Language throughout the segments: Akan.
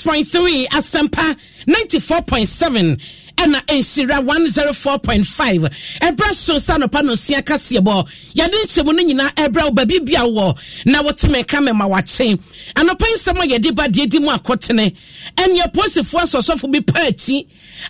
Six point three Asempa 94.7 ɛna nsira 104.5. zero four point five ɛbrɛ so sanopa no sia kaseɛ bɔ yɛde nkyɛmu no nyinaa ɛbrɛ wo baabi bia wɔ na wote mɛka mɛma wakye anɔpa nsɛm a yɛde ba deɛ di mu akɔtene ɛneɛ posifoɔ asɔsɔfo bi pa akyi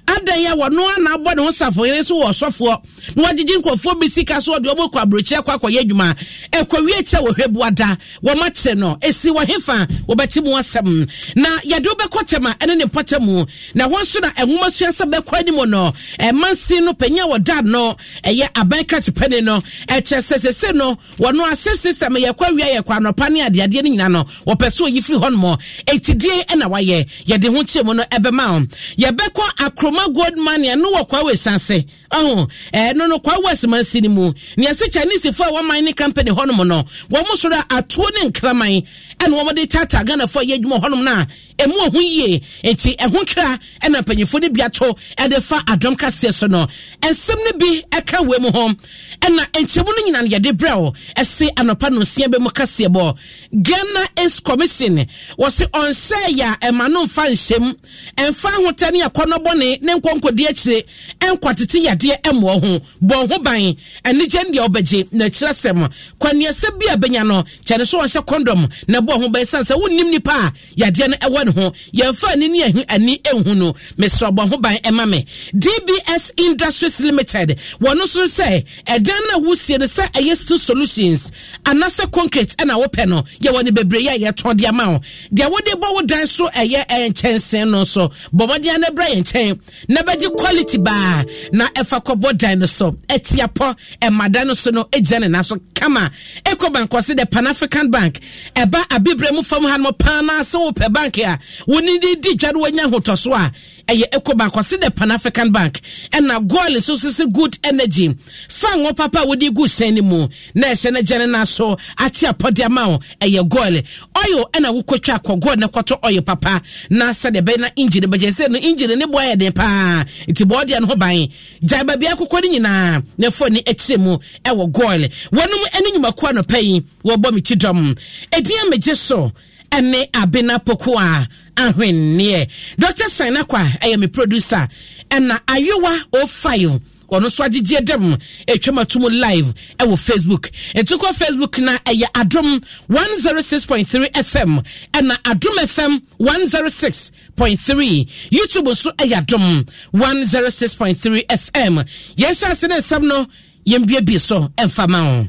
adan a wɔno ana abɔ ne ho safoyere so wɔ ɔsɔfoɔ na wɔgyegye nkurɔfoɔ bi sika so wɔde ɔmɔ kɔ aburokyi akɔ akɔyɛ adwuma ɛkɔwie kyɛ wɔ hwɛbua da wɔn akyere no esi wɔ hefa wɔbɛte mu asɛm na yɛde wobɛkɔ tɛm a ɛne ne mpɔtɛ mu na wɔn nso na ɛnwoma sua bɛkɔ pani mu no ɛmansi no panyin a wɔda no ɛyɛ abankrakye pani no ɛkyɛ sɛsɛsɛ no wɔn ahyɛ system yɛkɔ awia yɛkɔ anɔpa ne adeadeɛ no nyinaa no wɔpɛ so oyi fi hɔnom etidie ɛna wayɛ yɛde ho kyerɛ mu no ɛbɛma wɔn yɛbɛkɔ akroma gold mania no wɔ kwawe sanse ɔho ɛno no kwa wasimasi no mu neɛ sɛ chinesefoɔ a wɔman ne company hɔnom no wɔn mo soro a atuo ne nkraman ɛna wɔn de tata ghanafoɔ yɛ adwuma hɔnom no a ɛmu ɔho yie nti ɛho kra ɛna mpanyinfoɔ no bi ato ɛde fa adɔm kaseɛ so no nsɛm no bi ɛka wɔ mu hɔ ɛna nkyɛmu no nyinaa yɛde brɛ ɛsi anɔpa no nsia bɛ mu kaseɛ bɔ ghana aids commission wɔsi ɔnsɛɛ yɛ a ɛma no nfa nhyɛm ɛnfa ahotɛ ne akɔnɔbɔne ne nkɔnkɔdi akyire ɛnkɔtete yɛ adeɛ ɛmoɔ ho bɔ ho ban anigye deɛ ɔbɛgye na akyerɛ sɛm kwaneɛsɛ bi a bɛnya no kyɛ so ɔhyɛ kɔndɔm na ɛbɔ ho ban sane sɛ wonnim nipa a yadeɛ no ɛwɔ ne ho yɛmfa ani ne ani ɛnhu no mesrɛ bɔ ho ban ɛma me dbs industries limited wɔno so sɛ ɛdan no a wosie no sɛ ɛyɛ steel solutions anaasɛ concrete ɛna wopɛ no yɛwɔ ne bebree yɛ yɛtɔn de ama wo deɛ wode bɔ wo dan so ɛyɛ ɛnkyɛnsee no so bɔmmɔden a no brɛ yɛ nkyɛn na bɛgye quality baa na ɛf ɛfa kɔbɔ dan no so atiapɔ ɛma dan no so no agya ne nan kama eco bank wɔsi the pan african bank ɛba abibire mu fam ha no paa naa sɛ wopɛ bank a wɔn ni di dwa no wɔnya ahotɔso a ɛyɛ eco bank ɔsi de pan african bank ɛna goal nso so good energy fan wɔn papa a wɔde gu hyɛn no mu na ɛhyɛ ne gyɛn na so ate apɔdeɛ ma wɔn ɛyɛ goal oil ɛna wokɔtwa akɔ goal na kɔtɔ oil papa na sɛdeɛ bɛyɛ na engine bɛgye sɛ no engine ne boɔ yɛ den paa nti boɔ deɛ no ho ban gyae baabi akokɔ no nyinaa na ɛfɔ ne akyire mu ɛwɔ goal wɔn mu ɛne nnwumakuo anɔpɛ yi wɔbɔ me ti dɔm ɛdin amagye so ne abena poko a ahwenneɛ dr sina kwa ɛyɛ me producer ɛna ayewa 05 ɔno nso agyegye dɛm ɛtwam atom live ɛwɔ facebook ntukɔ facebook na ɛyɛ adom 106.3 fm ɛna adum fm 106.3 youtube nso ɛyɛ adom 106.3 fm yɛnhyɛ ase ne nsɛm no yɛmbiabie so ɛmfa ma wo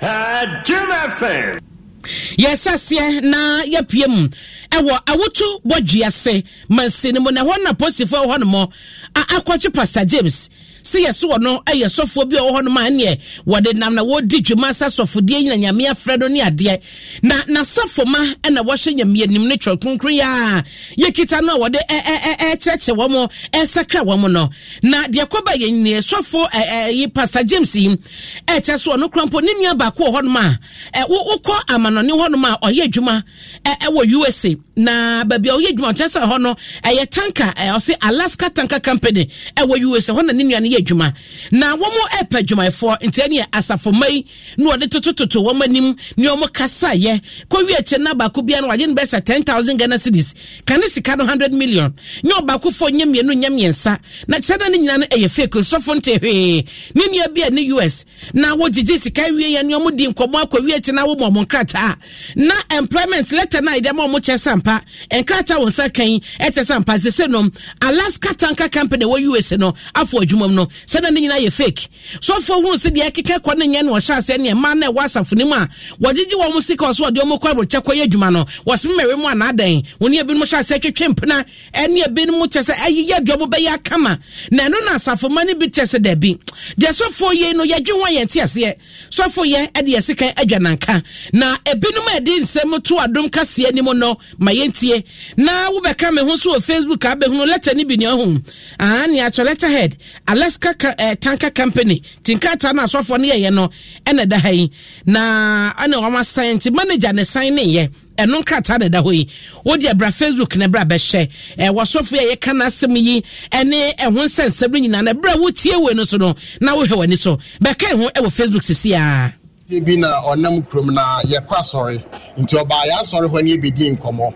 adom fm yɛsaseɛ na yɛpue mu ɛwɔ awoto bɔdwea se mansi no na ɛhɔ na posifoɔ ɛwɔ hɔ nomɔ akɔkye pastor james sɛ yɛso wɔ no ɛyɛ sɔfoɔ bi a ɔwɔ hɔ nom a ɛneɛ wɔde nam na wɔdi dwuma sa sɔfodeɛ nyina nyame afrɛ no ne adeɛ na nasɔfoma ɛna wɔhyɛ nyame anim no twerɛ kronkron yi a yɛkita no a wɔde ɛkyerɛkyerɛ wɔ mo ɛsakra wɔ mo no na deɛ kɔba yɛnyini sɔfo yi pastor james yi ɛkyɛ so ɔno korampo ne nua baako wɔ hɔ nom a wokɔ amanɔne hɔ nom a ɔyɛ adwuma ɛwɔ usa na baabi a ɔyɛ adwuma ɔkyerɛ sɛ hɔ no ɛyɛ tanka ɔsɛ alaska tanka company ɛwɔ us hɔ na ne nua no yɛ adwuma na wɔn ɛpɛ adwumayɛfoɔ nti ɛne yɛ asafoma yi na ɔde totototo wɔn anim ne wɔn kasaayɛ kɔwi akyire na baako bia no wagye no bɛsɛ ten thousand ghana cedis kane sika no hundred million nyɛ ɔbaako fo nyɛ mmienu nyɛ mmiɛnsa na kyerɛ na ne nyinaa no ɛyɛ fake sɔfo nte hwee ne nua bi a ne us na wɔgyegye sika wie yɛ ne wɔn di nkɔmɔ akɔ wi akyire na wɔn wɔn krataa na employment letter na ayɛ dɛ ma wɔn kyɛ sam ampa nkrataa wɔ nsa kan ɛkyɛ sɛ ampa sɛ no alaska tanker company wɔ us no afɔ adwuma mu no sɛdeɛ ne nyinaa yɛ fake sɔfoɔ hu sɛ deɛ ɛkeka kɔ ne nyɛ ne ɔhyɛ aseɛ ne ɛma na ɛwɔ asafo no mu a wɔgyegye wɔn mo sika ɔso ɔde ɔmo kɔ abɔkyɛ kɔyɛ adwuma no wɔsome mɛwe mu anaadan wɔne ebinom hyɛ aseɛ twetwe mpena ɛne ebinom kyɛ sɛ ɛyeyɛ aduɔ mo bɛyɛ akama na ɛno na asafo ma no bi kyɛ sɛ dabi deɛ sɔfoɔ yɛ no yɛdwe ho yɛn te aseɛ sɔfoɔ yɛ ɛde yɛ sika adwa na ebinom a yɛde nsɛm to adom kaseɛ anim no ma yɛntie na wobɛka me ho so wɔ facebook a bɛhunu lɛta no bi ne ɔhom ne akyɛ lɛta head alaska ka, eh, tanka company tinkrata no asɔfoɔ no yɛyɛ no ɛna da ha yi na ɛne wɔma san nti manager ne san ne yɛ ɛno nkrataa na ɛda hɔ yi wode ɛbra facebook na ɛbra bɛhyɛ eh, wɔsɔfo yɛ yɛka no asɛm yi ne ɛho nsɛnsɛm no nyinaa na ɛberɛ a wotie wei no so no na wohwɛ w'ani so bɛka ho wɔ facebook sisi aa bi na ɔnam kurom na yɛkɔ asɔre nti ɔbaa yɛ asɔre hɔ ne yɛbɛdi nkɔmmɔ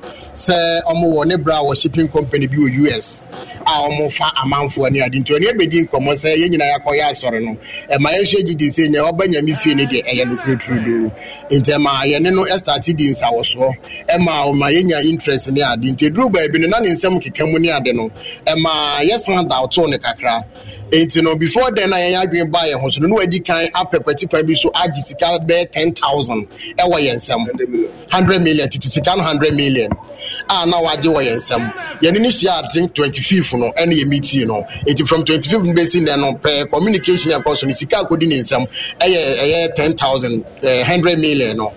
sɛ ɔmo wɔ ne berɛ a wɔ shipping company bi wɔ us a ɔmo fa amanfoɔ ne ade nti ɔne yɛbɛdi nkɔmmɔ sɛ yɛn nyinaa yɛ asɔre no ɛma yɛhwɛ gye di sɛ nea ɔba nyame fie no deɛ ɛyɛ nokorɛ turodoo nti ɛma yɛne no ɛstate di soɔ ɛma ɔma yɛnya interest ne ade nti ɛduru baabi no na ne nsɛm keka mu ne ade no ɛma yɛsan dawtoo ne kakra nti no before then na yɛn adwene ba yɛn ho so no no adi kan apɛpɛti kwan bi so agye sika bɛyɛ ten thousand ɛwɔ yɛn nsam hundred million titi sika no hundred million a na wagye wɔ yɛn nsam yɛn ni hyia ati twenty fifth no ɛna yɛn mi tii no eti from twenty fifth bɛsi nɛ no pɛɛ communication yɛ kɔ so no sika akɔdi ne nsam ɛyɛ ɛyɛ ten thousand ɛɛ hundred million no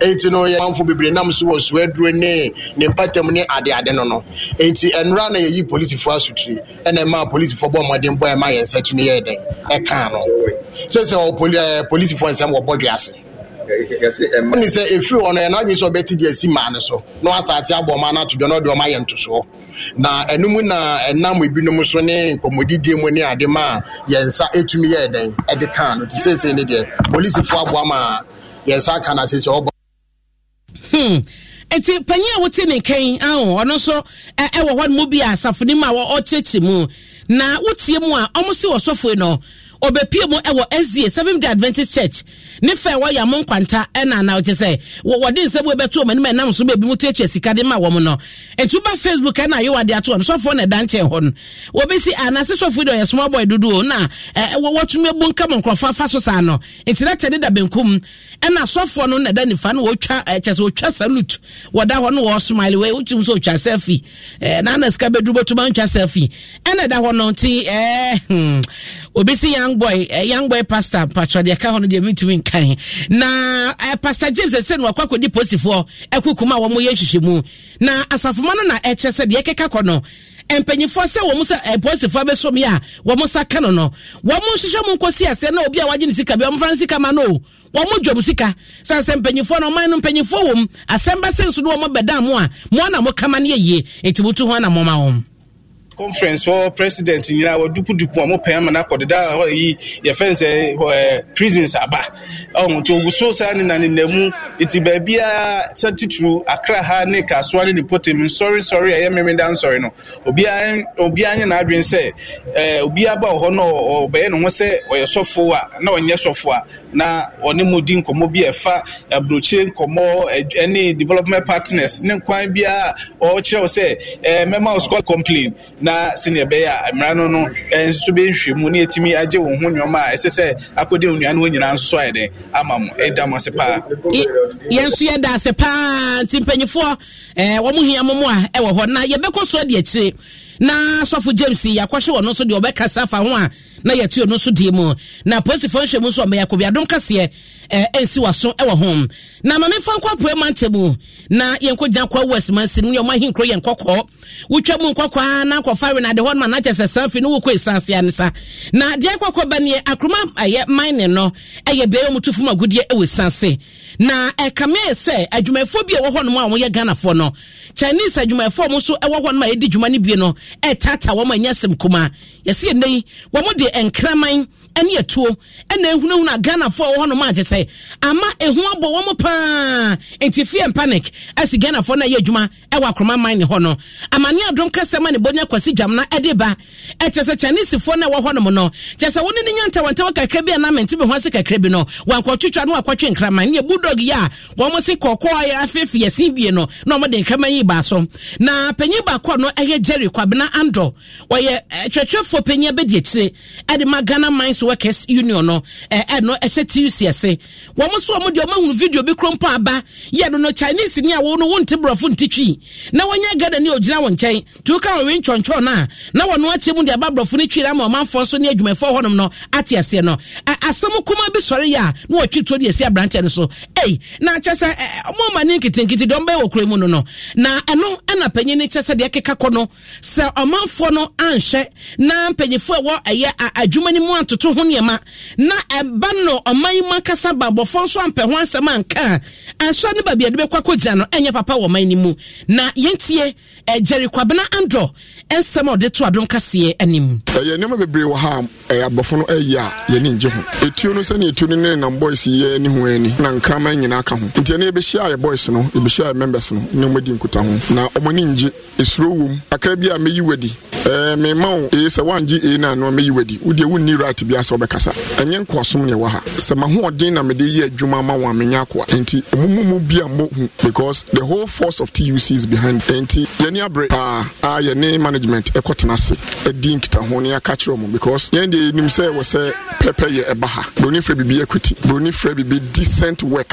eti no yɛ manfo bebree nam so wɔ suaduro ne ne mpatam ne adeade no no eti nwura na yɛyi polisifoɔ asotiri ɛna ɛmaa polisifoɔ bɔ ɔmɔden bɔ ɛmaa yɛn nsa tumi yɛ dɛ ɛkaa no sɛsɛ wɔ poli ɛɛ polisifoɔ nsɛm wɔ bɔdwe ase ɛni sɛ efiri hɔ no yɛn n'adwin sɛ ɔbɛti deɛ si maa no so na wasaate abɔ ɔmo anato dwa na ɔde ɔmo ayɛ ntosoɔ na ɛnum na ɛnam ebinom so ne nkɔmɔdidie mu ne ade ma yɛn nsa etumi yɛ dɛn ɛde kaa no ti sɛ ne deɛ polisifoɔ aboa ma yɛn nsa aka na sɛ ɔbɔ. nti panyin a wote ne nkan aho ɔno nso ɛwɔ hɔ no mu bi a asafo no mu a ɔkyerɛkyerɛ mu na wotie mu a ɔmo si wɔ sɔfoe no obepie mu ɛwɔ sda seventh day adventist church ne fɛ wɔyɛ amo nkwanta ɛna na ɔkyɛ sɛ wɔde nsɛm wo bɛto wɔn anim ɛnam so baabi mu tiatia sika de ma wɔn no etu ba facebook ɛna ayɛ wade ato wɔn sɔfoɔ na ɛda nkyɛn hɔ no wɔbɛsi anase ah, sɔfoɔ de ɔyɛ small boy dodo na ɛɛ wɔtumi ebu nkam nkorɔfo afa so saa no ntina kyɛ ne da benkum ɛna sɔfoɔ no na ɛda nifa no wɔtwa ɛkyɛ sɛ wɔtwa salute wɔda hɔ no wɔɔ smile wɛ wotum so wɔtwa selfie ɛɛ nana sika bɛduru bɛtuma ntwa selfie ɛna ɛda hɔ no nti ɛɛ hmm obi si young boy uh, young boy pastor mpatwa deɛ ɛka hɔ no deɛ mentumi nkan na uh, pastor james ɛsɛ eh, no wakɔ akɔdi posifoɔ ɛkukum a wɔn yɛ nhyehyɛ mu na asafoma no na ɛkyɛ sɛ deɛ ɛkeka kɔ no mpanyinfoɔ sɛ wɔn sɛ ɛpɔsifoɔ bɛsɔ mu yɛ a wɔn sa ka no no wɔn nhyehyɛ mu nkɔsi aseɛ na obi a wagye ne sika bi wɔn fana sika ma no wɔn dwom sika san sɛ mpanyinfoɔ na ɔman no mpanyinfoɔ wɔm asɛm bɛsɛn so no wɔn bɛda mo a mo kama ne yɛ yie nti wotu ho anam ɔma wɔn conference for president nyinaa wɔdupudupu a mo pɛn ama nakɔdeda hɔ yi yɛfɛ n sɛ ɛɛ prisons aba ɔn nti ogu so saa ne nanena mu nti a sɛ titiri akra ha ne kasoa ne ne potem nsɔre nsɔre a ɛyɛ mmemmeda nsɔre no obiara obiara nye n'adwene sɛ eh, ɛɛ obiara ba wɔ hɔ no ɔbɛyɛ ne ho sɛ ɔyɛ sɔfo a na ɔnyɛ sɔfo a na ɔne mo di nkɔmɔ bi ɛfa e aburokye e nkɔmɔ ɛne development partners ne kwan biara ɔkyerɛw sɛ ɛɛ eh, mɛma ɔsukɔ complain na sɛnea ɛbɛyɛ a mmara no no eh, nso bɛhwɛ mu na yɛtumi agye wo ho nneɛma a ɛsɛ sɛ akɔdi nnua no nyinaa nso ayɛ ama mo ɛda mo ase paa yɛn nso ase paa nti mpanyinfoɔ ɛɛ eh, wɔn a ɛwɔ hɔ na yɛbɛkɔ so adi na sɔfo james yɛakɔhye wɔ no nso deɛ ɔbɛkasa fa ho a na yɛtue no nso deɛ mu na polisifoɔ nhwɛ mu nso ɔmɛ yɛakobiadom kaseɛ ɛnsi waso wɔ ho na ma memfa nkɔ apoe mantɛ mu na yɛnkɔgyina kɔ west mansi no yɛma ahenkuro yɛ nkɔkɔɔ wotwa mu nkɔkɔa na nkɔfa we no ade hɔ noma na kyɛ sɛ san fi no wokɔ ɛsansea ne sa na deɛ nkɔkɔ bɛneɛ akroma ɛyɛ mine no ɛyɛ bea yɛ mutu fom agodie ɛwɔ sanse na ɛkame yɛ sɛ adwumayɛfoɔ bi a ɛwɔ hɔ nom a wɔyɛ ghanafoɔ no chinese adwumayɛfoɔ mu nso ɛwɔ hɔ nom a yɛdi dwuma no bie no ɛɛtaata wɔn a ɛnyɛ sɛm kumaa yɛsi ɛnɛ yi wɔn de nkraman ne ɛtuo na ehunahuna ghanafoɔ a wɔwɔ hɔnom agye sɛ ama ehu abɔ wɔn paa nti fear and panic ɛsi ghanafoɔ no a ɛyɛ adwuma ɛwɔ akoroma man ne hɔ no amane adom kasɛm a ne bonya kwasi dwamena ɛde ba ɛkyɛ sɛ chinesifoɔ no a ɛwɔ hɔnom no kyɛ sɛ wɔne ne nya ntɛwantɛwɔ kakra bi anam nti bɛho ase kakra bi no wankɔtwitwa no wakɔtwe nkraman ne bulldog yi a wɔn se kɔkɔɔ afeefi yɛsi bie no na wɔde nkraman yi baa so na panyin baako no ɛyɛ jerry kwabena andor wɔyɛ twerɛtwerɛfoɔ panyin abɛdi akyire ɛde ma ghana man so workers union no ɛno ɛhyɛ tuc ɛse wɔn nso wɔn deɛ wɔn ahunu video bi kuro mpo aba yɛ no no chinese ni a wɔn no wɔn nti borɔfo nti twi na wɔn nyɛ gada ni ogyina wɔn nkyɛn tuo ka wɔn ntwɔntwɔn na na wɔn akyɛ mu deɛ aba borɔfo ni twi ama ɔmanfoɔ so ne adwumayɛfoɔ hɔnom no ate aseɛ no asɛm kuma bi sɔre yɛ a na wɔtwi tuo deɛ si aberanteɛ no so ɛy na akyɛ sɛ ɔmo ama ne nketenkete deɛ ɔmbɛyɛ wɔ na ɛno ɛna panyin ne kyɛ sɛ keka kɔ no sɛ ɔmanfoɔ no na mpanyinfoɔ a ɛwɔ ɛyɛ adwuma ho nneɛma na ɛba no ɔman mu akasa baabɔfoɔ nso ampɛ ho asɛm anka a ɛnso baabi a de bɛkɔ akɔgyina no ɛnyɛ papa wɔ ɔman mu na yɛntie ɛgyere kwabena andrɔ ɛnsɛm a ɔde to adom kaseɛ anim ɛyɛ nneɛma bebree wɔ ha a abɔfo no a yɛne ngye ho no sɛne no ne nam boys yɛ ne ho ani na nkraman nyinaa ka ho nti ɛne yɛbɛhyia yɛ boys no yɛbɛhyia yɛ members Eh, me ma wo ee eh, sɛ woangye ee eh, no anoa mɛyi wadi wodeɛ wonni right bia sɛ wobɛkasa ɛnyɛ nkoasom ne ɛwɔ ha sɛ mahoɔden na mede yɛ adwuma ma wo a menyɛ akoa enti mumu bi a mohu because the whole force of tuc is behind enti yɛne aberɛ paa ah, a yɛne management ɛkɔtena ase adi nkitaho ne aka kyerɛ mu because yɛn deɛ yɛnim sɛ ɛwɔ sɛ pɛpɛ yɛ ɛba ha buroni frɛ biribi equity buroni frɛ biribi decent work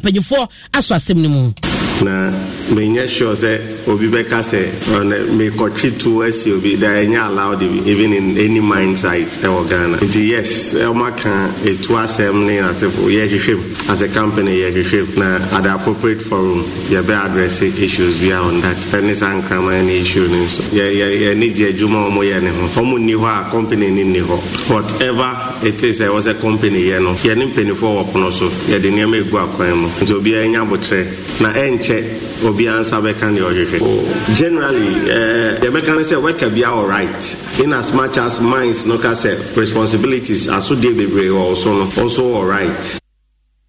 mpanyinfoɔ asɔ asɛm no mu na menyɛ sure sɛ obi bɛka sɛ mekɔtwe to asi obi da ɛnyɛ allowed even in any mind site ɛwɔ ghana nti yes ɔmaka ɛtu asɛm ne asefo yɛhwehwɛ m as a company yɛhwehwɛ m na at the appropriate forum yɛbɛ address issues bi a on that ɛne saa nkraman ne issue no nso yɛne gye adwuma ɔmo yɛ ne ho ɔmo nni hɔ a company ne nni hɔ whatever it is ɛwɔ sɛ company yɛ no yɛne mpanimfoɔ wɔ pono so yɛde nneɛma ɛgu akwan mu nti obiara nya abotrɛ na ɛnkyɛ ɛkyɛ obiara nsa bɛka deɛ ɔhwehwɛ oh. generally deɛ eh, bɛka no sɛ wɛka bia all right in as much as minds no ka sɛ responsibilities asodeɛ bebree wɔ so no ɔnso all right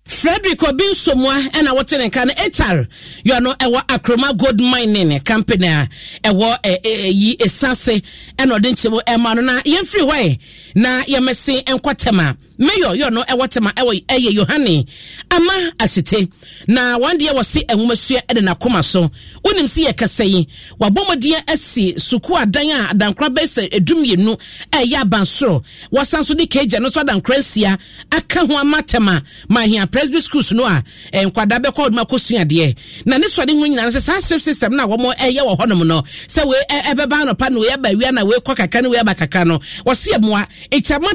frederick obi nsomua ɛna wɔte ne nka no hr yɛ no ɛwɔ akroma gold mining company a ɛwɔ ɛyi eh, eh, esase ɛna ɔde nkyɛn mu ɛma no na yɛmfiri hɔ na yɛmɛsi nkɔtɛm a mayor yɛ no ɛwɔ tema ɛwɔ ɛyɛ yohane ama asete na wɔn deɛ wɔsi ɛnwomasua ɛde n'akoma so wɔnim si yɛ kɛse yi wabɔ mɔdeɛ asi sukuu adan a adankora bɛyɛ sɛ edum mmienu ɛyɛ abansoro wɔsan so de kegya no nso adankora nsia aka ho ama tema mahia presby schools no a nkwadaa bɛkɔ ɔduma kɔ adeɛ na ne sɔre ho nyinaa sɛ saa sif system na a wɔn ɛyɛ wɔ hɔnom no sɛ eh, wei ɛbɛba anɔpa no wei aba awia na wei kɔ kakra no wei aba kakra no wɔsi ɛmoa ekyama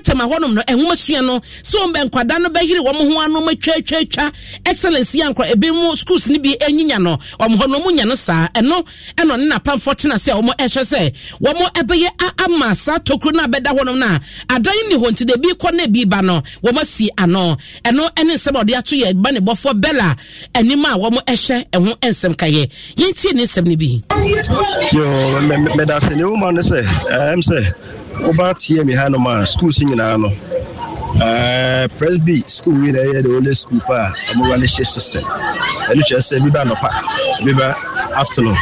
no no sɛ wɔn nkwadaa no bɛhiri wɔn ho ano matwatwatwa excellence yɛ nkwa ebi mu schools no bi anyinya no wɔn hɔ no wɔn nya no saa ɛno ɛna ɔne n'apamfoɔ tena sɛ wɔn ɛhwɛ sɛ wɔn ɛbɛyɛ ama saa tokuro no abɛda hɔ nom na adan ni hɔ nti de ebi kɔ na ebi ba no wɔn asi ano ɛno ɛne nsɛm a ɔde ato yɛ banibɔfoɔ bɛla anim a wɔn ɛhyɛ ɛho nsɛm kayɛ yɛn tie ne nsɛm no bi. yoo mɛ mɛ daase ne wo ma ne sɛ ɛɛm sɛ wobaa tie mi ha nom a schools nyinaa no Eh, presby school yi na ɛyɛ the a wɔn ne hyɛ system ɛno kyerɛ sɛ ebi ba ba afternoon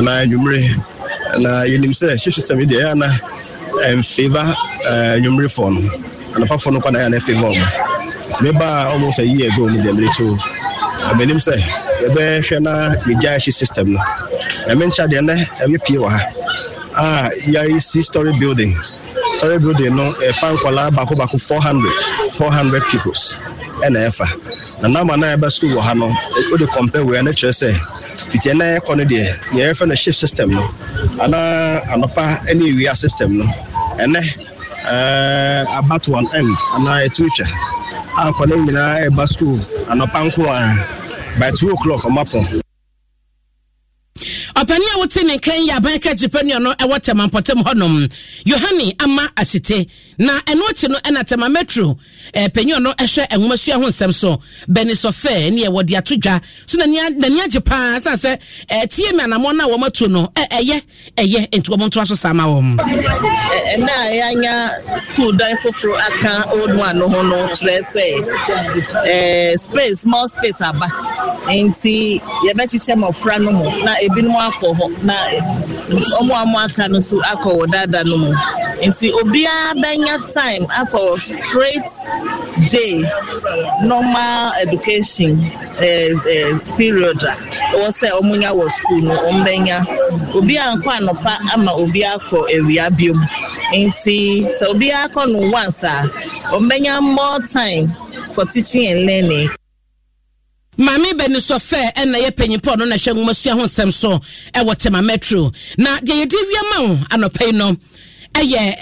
na yɛnim sɛ hyɛ system yi deɛ ana fɔ no na ɛyɛ ana ɛfeva wɔn nti ba a wɔn sɛ yie ago no deɛ mi ɛbɛnim sɛ na yɛgya hyɛ system no ɛmi nkyɛn deɛ nɛ ɛmi a story building. Sorry, building no a fan baako baako four hundred 400, hundred pupils ɛna ɛfa na nama na ɛba sukuu wɔ ha no o de compare wei ɛna kyerɛ sɛ titi ɛna ɛkɔ no deɛ nea yɛrefɛ no shift system no anaa anɔpa ɛne ewia system no ɛnɛ ɛɛ aba to an end Ana ɛtu etwa a nkɔlaa nyinaa ɛba sukuu anɔpa nko ara by two o'clock ɔmo apɔ ɔpanin a wote ne nkan yi aban krakye panyin no ɛwɔ tɛmampɔtɛm hɔnom yohane ama asite na ɛno akyi no ɛna tɛma metro ɛɛ panyin no ɛhwɛ ɛnwoma sua ho nsɛm so bɛnisɔfɛ ɛne ɛwɔ de ato dwa so nani nani agye paa san sɛ ɛɛ tie mi anamɔ na wɔn ato no ɛɛyɛ ɛyɛ nti wɔn to aso saa wɔn. ɛna a yɛanya school dan foforɔ aka old one ho no kyerɛ sɛ eh, space small space aba nti yɛbɛkyekyɛ mmɔfra no mu na ebinom akɔ hɔ na. ɔmoamoaka no so akɔwɔ dada no mu nti obi bɛnya time akọ straight day normal education eh, eh, period a ɛwɔ sɛ ɔmonya wɔ school no ɔmbɛnya obi ankɔ anọpa ama obi akọ akɔ awia biom nti sɛ obi akọ no once a ɔmbɛnya more time for teaching and learning maame bɛni sɔ fɛ ɛna yɛ panyinpɔ no na ɛhyɛ nwoma sua ho nsɛm so ɛwɔ tema metro na deɛ yɛde wia ma wo anɔpɛ yi no ɛyɛ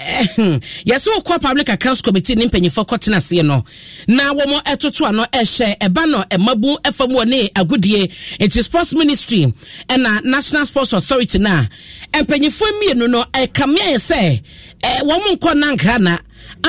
yɛsɛ wokɔ public accounts committee ne mpanyinfo kɔtena aseɛ no na wɔn ɛtoto ano ɛhyɛ ɛba no ɛmabu ɛfam wɔ ne agodie nti sports ministry ɛna national sports authority na mpanyinfo mmienu no ɛkamea yɛ sɛ ɛɛ wɔn nkɔ nankra na.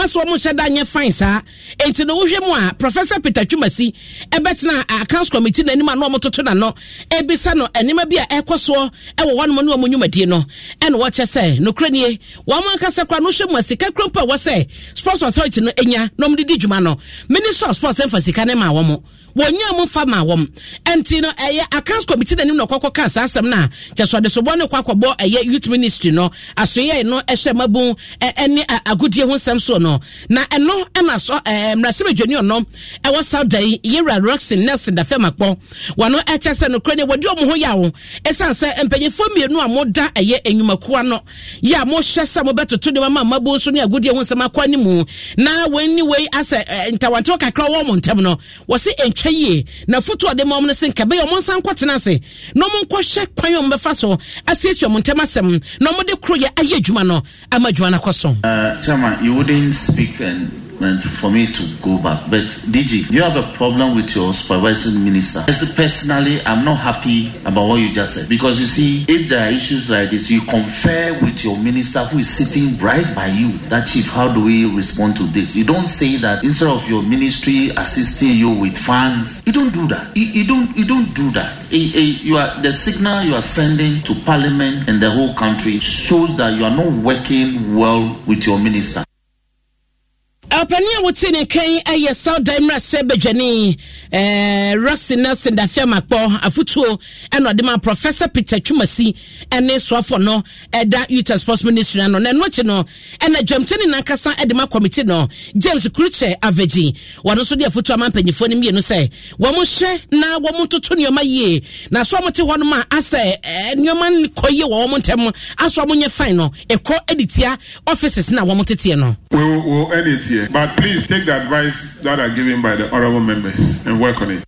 asɔ ɔmo nhyɛ da nyɛ fain saa nti na wohwɛ mu a professor peter twumasi ɛbɛtena accounts committee n'anim a na ɔmo toto n'ano ebisa no nneɛma bi a ɛkɔ soɔ ɛwɔ hɔnom ne ɔmo nnwumadie no ɛna wɔkyɛ sɛ nokura nie wɔn ankasa kora no hwɛ mu a kuro mpo wɔ sɛ sports authority no enya na ɔmo de di dwuma no minister of sports ɛnfa sika ne ma wɔn. wɔnyɛ mu fa ma wɔm ɛnti no ɛyɛ accounts committee n'anim na ɔkɔkɔ kaa saa asɛm no a kyɛsɔdesobɔ ne kɔ akɔbɔ ɛyɛ youth ministry no asoyɛ no ɛhyɛ mabu ɛne agodie ho nsɛm soɔ no na ɛno ɛna so ɛɛ mmarasim adwani ɔno ɛwɔ sauda yi yɛwura roxin nelson dafɛm akpɔ wɔn ɛkyɛ sɛ no kura ne wɔde wɔn ho yɛ awo ɛsan sɛ mpanyinfoɔ mmienu a wɔda ɛyɛ enyumakuwa no yɛ a wɔhyɛ sɛ wɔbɛtoto ne mama mabu nso ne agodie ho nsɛm akɔ anim na wɔn anyway asɛ ɛɛ ntawantewa kakra wɔn wɔn ntam no wɔsi ntwa nhwɛ yie na foto ɔde ma ɔmo no se nka ɔmo nsa nkɔtena ase na ɔmo nkɔhyɛ kwan a ɔmo bɛfa so asiesie ɔmo ntɛm asɛm na ɔmo de koro yɛ ayɛ adwuma no ama adwuma no akɔ so. Uh, Chama, you wouldn't speak and for me to go back. But DG, you have a problem with your supervising minister. As personally, I'm not happy about what you just said because you see, if there are issues like this, you confer with your minister who is sitting right by you. That chief, how do we respond to this? You don't say that instead of your ministry assisting you with funds, you don't do that. You, you don't you don't do that. It, it, you are the signal you are sending to Parliament and the whole country shows that you are not working well with your minister. ɔpanin a wɔte ne nkan yɛ saudan mmerɛsɛ badwani eh, roxy nelson dafiam akpɔ afotuo ɛna ɔde ma professor peter twumasi ne soafo no ɛda utah sports ministry ano na ɛno akyi no ɛna dwamtani nankasa de ma kɔmiti no james krukye avegyi wɔn nso de afotuo ama mpanyinfoɔ no mmienu sɛ wɔn hyɛ na wɔn toto nneɛma yie na so wɔn te hɔ nom a asɛ eh, nneɛma kɔ yie wɔ wɔn ntɛm aso wɔn nyɛ fine no ɛkɔ de tia offices na wɔn tete no. wo wo ɛna etie here. But please take the advice that are given by the honorable members and work on it.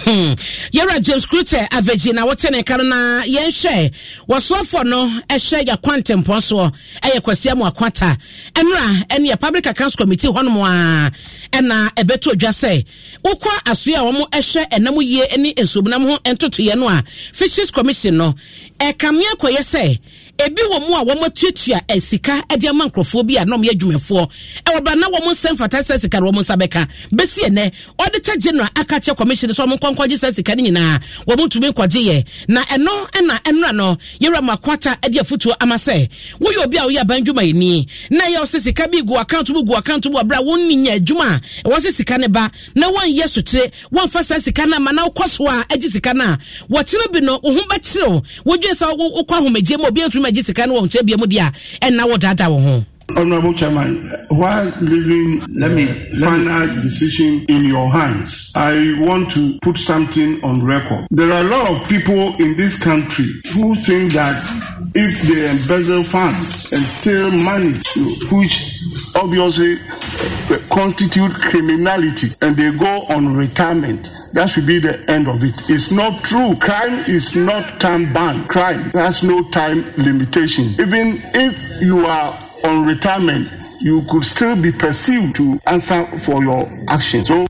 Hmm. yɛwura james krute avagyi na wɔte ne kano na yɛnhwɛ wɔsoɔfoɔ no ɛhwɛ yɛakwa ntempɔn soɔ ɛyɛ kwasia mu akwata ɛnora ɛne yɛ public accounts committee hɔnom a ɛna ɛbɛto dwa sɛ wokɔ asoɛ a wɔm ɛhwɛ ɛnam yie ne nsuomnam ho ntotoeɛ no a fishes commission no ɛkameɛ kɔyɛ sɛ ebi wɔ mu a wɔn tuatua e, eh, sika de ama nkurɔfoɔ bi a na wɔyɛ adwumafoɔ ɛwɔ ba na wɔn nsa mfata sɛ sika wɔn nsa bɛka bɛsi ɛnɛ ɔde kyɛ general aka kyɛ commission sɛ wɔn nkɔnkɔgye sɛ sika no nyinaa wɔn ntumi nkɔgye yɛ na ɛno ɛna ɛnura no yɛwura mu akwata de afutuo ama sɛ woyɛ obi a woyɛ aban dwumayɛni na yɛ ɔsɛ sika bi gu account mu gu account mu abira wɔn nyɛ adwuma a ɛwɔ sika ne ba na wɔn yɛ sotire wɔn fa saa sika no ama na wɔkɔ so a agye sika no a wɔkyerɛ bi no wɔn ho bɛkyerɛw wɔdwe agye sika no wɔ deɛ a ɛnna wɔ wɔ ho. Honorable Chairman, while leaving let me, final decision in your hands, I want to put something on record. There are a lot of people in this country who think that if they embezzle funds and steal money, which obviously constitute criminality and they go on retirement. That should be the end of it. It's not true. Crime is not time bound. Crime has no time limitation. Even if you are on retirement, you could still be perceived to answer for your actions. So,